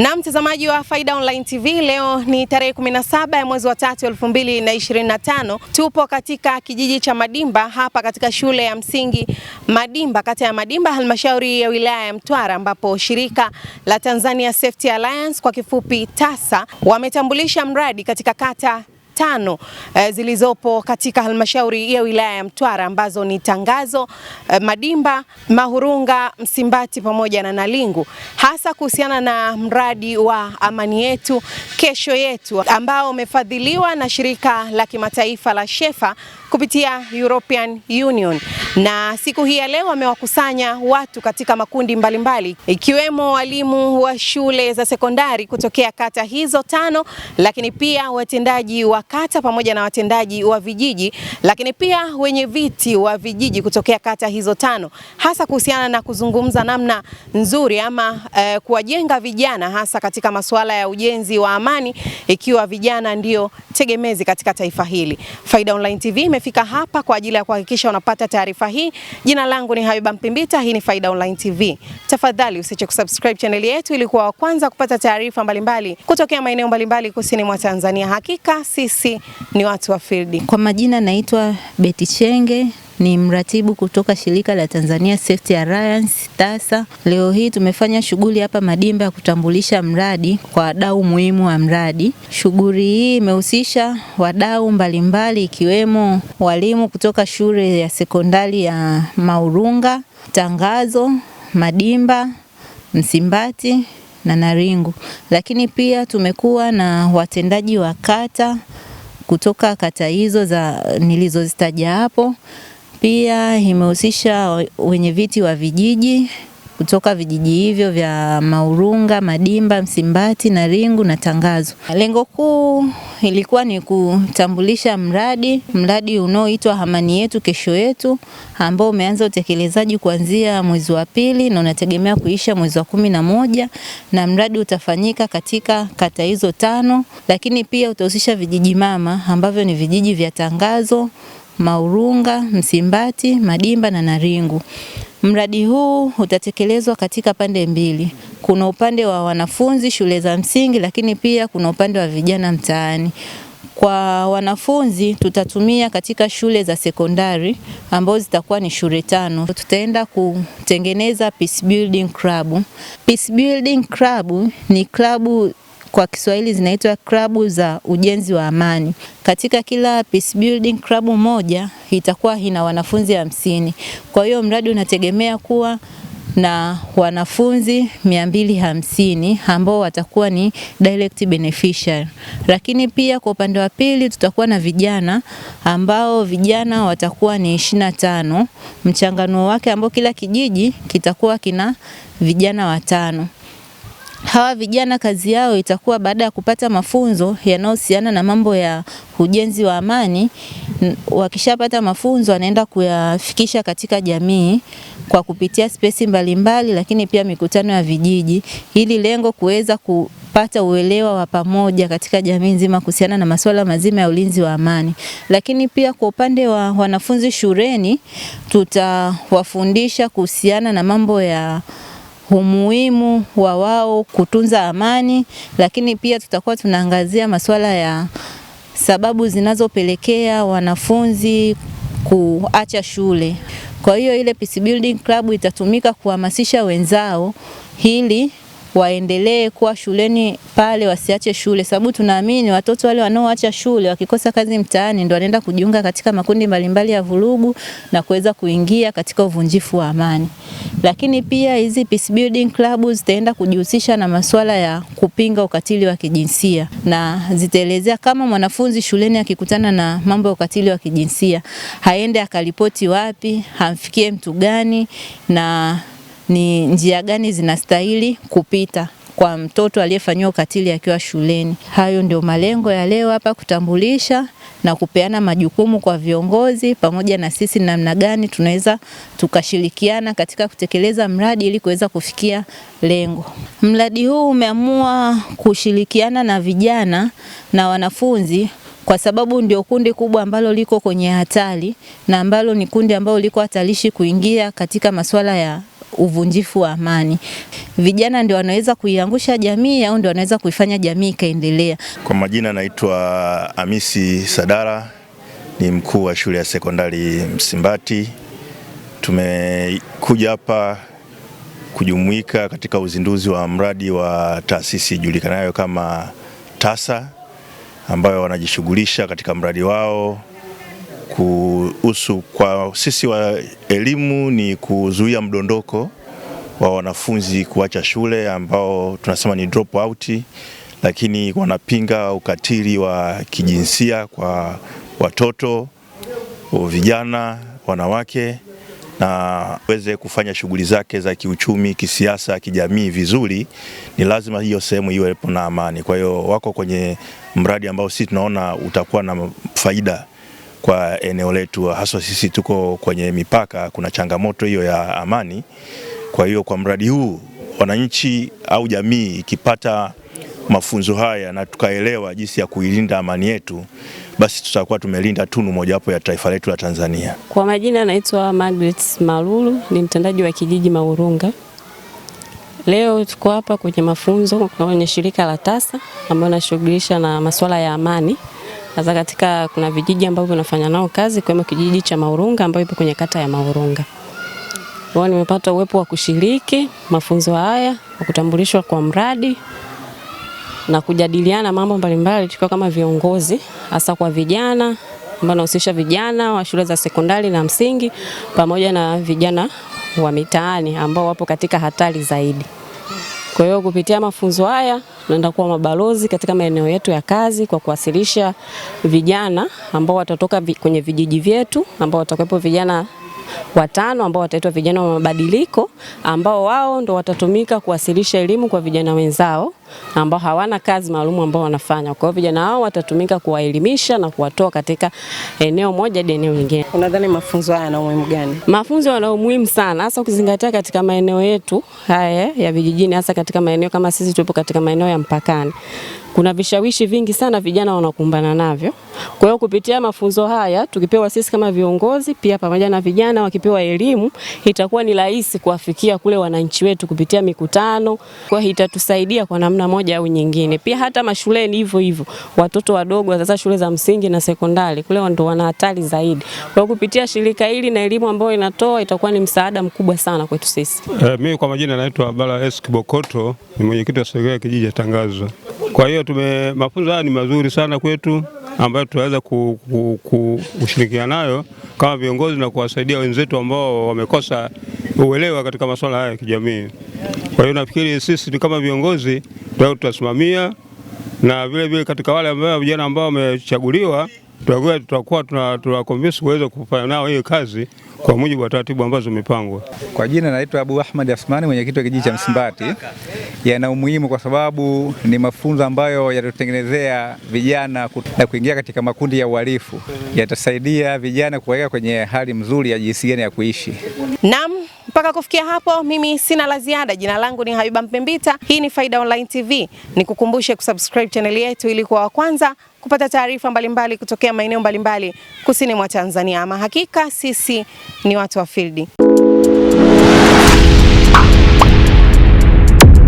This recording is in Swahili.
Na mtazamaji wa Faida Online TV, leo ni tarehe 17 ya mwezi wa tatu 2025. Tupo katika kijiji cha Madimba hapa katika shule ya msingi Madimba, kata ya Madimba, halmashauri ya wilaya ya Mtwara, ambapo shirika la Tanzania Safety Alliance kwa kifupi TASA wametambulisha mradi katika kata tano eh, zilizopo katika halmashauri ya wilaya ya Mtwara ambazo ni Tangazo, eh, Madimba, Mahurunga, Msimbati pamoja na Nalingu, hasa kuhusiana na mradi wa Amani Yetu Kesho Yetu ambao umefadhiliwa na shirika la kimataifa la Shefa kupitia European Union, na siku hii ya leo wamewakusanya watu katika makundi mbalimbali mbali, ikiwemo walimu wa shule za sekondari kutokea kata hizo tano, lakini pia watendaji wa kata pamoja na watendaji wa vijiji, lakini pia wenye viti wa vijiji kutokea kata hizo tano, hasa kuhusiana na kuzungumza namna nzuri ama eh, kuwajenga vijana hasa katika masuala ya ujenzi wa amani, ikiwa vijana ndio tegemezi katika taifa hili. Faida Online TV umefika hapa kwa ajili ya kuhakikisha unapata taarifa hii. Jina langu ni Habiba Mpimbita, hii ni Faida Online TV. Tafadhali usiache kusubscribe chaneli yetu ili kuwa wa kwanza kupata taarifa mbalimbali kutokea maeneo mbalimbali kusini mwa Tanzania. Hakika sisi ni watu wa field. Kwa majina naitwa Betty Chenge ni mratibu kutoka shirika la Tanzania Safety Alliance TASA. Leo hii tumefanya shughuli hapa Madimba ya kutambulisha mradi kwa wadau muhimu wa mradi. Shughuli hii imehusisha wadau mbalimbali ikiwemo walimu kutoka shule ya sekondari ya Maurunga, Tangazo, Madimba, Msimbati na Naringu, lakini pia tumekuwa na watendaji wa kata kutoka kata hizo za nilizozitaja hapo pia imehusisha wenye viti wa vijiji kutoka vijiji hivyo vya Maurunga, Madimba, Msimbati, Naringu na Tangazo. Lengo kuu ilikuwa ni kutambulisha mradi, mradi unaoitwa Amani Yetu Kesho Yetu ambao umeanza utekelezaji kuanzia mwezi wa pili na unategemea kuisha mwezi wa kumi na moja na mradi utafanyika katika kata hizo tano, lakini pia utahusisha vijiji mama ambavyo ni vijiji vya Tangazo Maurunga, Msimbati, Madimba na Naringu. Mradi huu utatekelezwa katika pande mbili. Kuna upande wa wanafunzi shule za msingi, lakini pia kuna upande wa vijana mtaani. Kwa wanafunzi tutatumia katika shule za sekondari ambazo zitakuwa ni shule tano. Tutaenda kutengeneza Peace Building Club. Peace Building Club ni klabu kwa Kiswahili zinaitwa klabu za ujenzi wa amani. Katika kila peace building club moja itakuwa ina wanafunzi hamsini. Kwa hiyo mradi unategemea kuwa na wanafunzi mbili hamsini ambao watakuwa ni direct beneficiary, lakini pia kwa upande wa pili tutakuwa na vijana ambao vijana watakuwa ni tano mchanganuo wake ambao kila kijiji kitakuwa kina vijana watano hawa vijana kazi yao itakuwa baada ya kupata mafunzo yanayohusiana na mambo ya ujenzi wa amani, wakishapata mafunzo wanaenda kuyafikisha katika jamii kwa kupitia spesi mbalimbali, lakini pia mikutano ya vijiji, ili lengo kuweza pata uelewa wa pamoja katika jamii nzima kuhusiana na masuala mazima ya ulinzi wa amani. Lakini pia kwa upande wa wanafunzi shuleni, tutawafundisha kuhusiana na mambo ya umuhimu wa wao kutunza amani, lakini pia tutakuwa tunaangazia masuala ya sababu zinazopelekea wanafunzi kuacha shule. Kwa hiyo ile Peace Building Club itatumika kuhamasisha wenzao hili waendelee kuwa shuleni pale, wasiache shule, sababu tunaamini watoto wale wanaoacha shule wakikosa kazi mtaani ndo wanaenda kujiunga katika makundi mbalimbali ya vurugu na kuweza kuingia katika uvunjifu wa amani. Lakini pia hizi peace building club zitaenda kujihusisha na masuala ya kupinga ukatili wa kijinsia na zitaelezea kama mwanafunzi shuleni akikutana na mambo ya ukatili wa kijinsia, haende akaripoti wapi, hamfikie mtu gani na ni njia gani zinastahili kupita kwa mtoto aliyefanyiwa ukatili akiwa shuleni. Hayo ndio malengo ya leo hapa, kutambulisha na kupeana majukumu kwa viongozi pamoja na sisi, namna gani tunaweza tukashirikiana katika kutekeleza mradi ili kuweza kufikia lengo. Mradi huu umeamua kushirikiana na vijana na wanafunzi kwa sababu ndio kundi kubwa ambalo liko kwenye hatari na ambalo ni kundi ambalo liko hatarishi kuingia katika masuala ya uvunjifu wa amani. Vijana ndio wanaweza kuiangusha jamii au ndio wanaweza kuifanya jamii ikaendelea. Kwa majina, naitwa Hamisi Sadara, ni mkuu wa shule ya sekondari Msimbati. Tumekuja hapa kujumuika katika uzinduzi wa mradi wa taasisi julikanayo kama TASA ambayo wanajishughulisha katika mradi wao kuhusu kwa sisi wa elimu ni kuzuia mdondoko wa wanafunzi kuacha shule ambao tunasema ni drop out, lakini wanapinga ukatili wa kijinsia kwa watoto, vijana, wanawake na weze kufanya shughuli zake za kiuchumi, kisiasa, kijamii vizuri, ni lazima hiyo sehemu iwepo na amani. Kwa hiyo wako kwenye mradi ambao sisi tunaona utakuwa na faida kwa eneo letu, haswa sisi tuko kwenye mipaka, kuna changamoto hiyo ya amani. Kwa hiyo kwa mradi huu wananchi au jamii ikipata mafunzo haya na tukaelewa jinsi ya kuilinda amani yetu, basi tutakuwa tumelinda tunu mojawapo ya taifa letu la Tanzania. Kwa majina anaitwa Margaret Malulu, ni mtendaji wa kijiji Maurunga. Leo tuko hapa kwenye mafunzo kwenye shirika la TASA ambayo inashughulisha na masuala ya amani. Hasa katika kuna vijiji ambavyo nafanya nao kazi kwa kijiji cha Maurunga ambayo ipo kwenye kata ya Maurunga. Wao nimepata uwepo wa kushiriki mafunzo haya, wa kutambulishwa kwa mradi na kujadiliana mambo mbalimbali tukiwa kama viongozi hasa kwa vijana ambao wanahusisha vijana wa shule za sekondari na msingi pamoja na vijana wa mitaani ambao wapo katika hatari zaidi. Kwa hiyo kupitia mafunzo haya tunaenda kuwa mabalozi katika maeneo yetu ya kazi kwa kuwasilisha vijana ambao watatoka kwenye vijiji vyetu ambao watakuwepo vijana watano ambao wataitwa vijana wa mabadiliko ambao wao ndo watatumika kuwasilisha elimu kwa vijana wenzao ambao hawana kazi maalum ambao wanafanya. Kwa hiyo vijana hao watatumika kuwaelimisha na kuwatoa katika eneo moja hadi eneo lingine. Unadhani mafunzo haya yana umuhimu gani? Mafunzo yana umuhimu sana, hasa ukizingatia katika maeneo yetu haya ya vijijini, hasa katika maeneo kama sisi tupo katika maeneo ya mpakani kuna vishawishi vingi sana vijana wanakumbana navyo. Kwa hiyo kupitia mafunzo haya tukipewa sisi kama viongozi pia pamoja na vijana wakipewa elimu, itakuwa ni rahisi kuwafikia kule wananchi wetu kupitia mikutano, kwa hiyo itatusaidia kwa namna namna moja au nyingine. Pia hata mashuleni hivyo hivyo, watoto wadogo sasa shule za msingi na sekondari kule ndo wana hatari zaidi. Kwa kupitia shirika hili na elimu ambayo inatoa itakuwa ni msaada mkubwa sana kwetu sisi. E, mimi kwa majina naitwa Abala S Kibokoto, ni mwenyekiti wa serikali ya kijiji cha Tangazo. Kwa hiyo tume mafunzo haya ni mazuri sana kwetu ambayo tunaweza ku, ku, ku, kushirikiana nayo kama viongozi na kuwasaidia wenzetu ambao wamekosa uelewa katika masuala haya ya kijamii. Kwa hiyo nafikiri sisi ni kama viongozi leo tutasimamia na vile vile katika wale ambao vijana ambao wamechaguliwa tutakuwa tunawakonvinsi kuweza kufanya nao hiyo kazi kwa mujibu wa taratibu ambazo zimepangwa. Kwa jina naitwa Abu Ahmad Asmani, mwenyekiti wa kijiji cha Msimbati. Yana umuhimu kwa sababu ni mafunzo ambayo yatatutengenezea vijana na kuingia katika makundi ya uhalifu, yatasaidia vijana kuwaweka kwenye hali mzuri ya jinsi gani ya kuishi. Naam. Mpaka kufikia hapo, mimi sina la ziada. Jina langu ni Habiba Mpembita, hii ni Faida Online TV. Nikukumbushe kusubscribe channel yetu ili kuwa wa kwanza kupata taarifa mbalimbali kutokea maeneo mbalimbali kusini mwa Tanzania. Ama hakika sisi ni watu wa fildi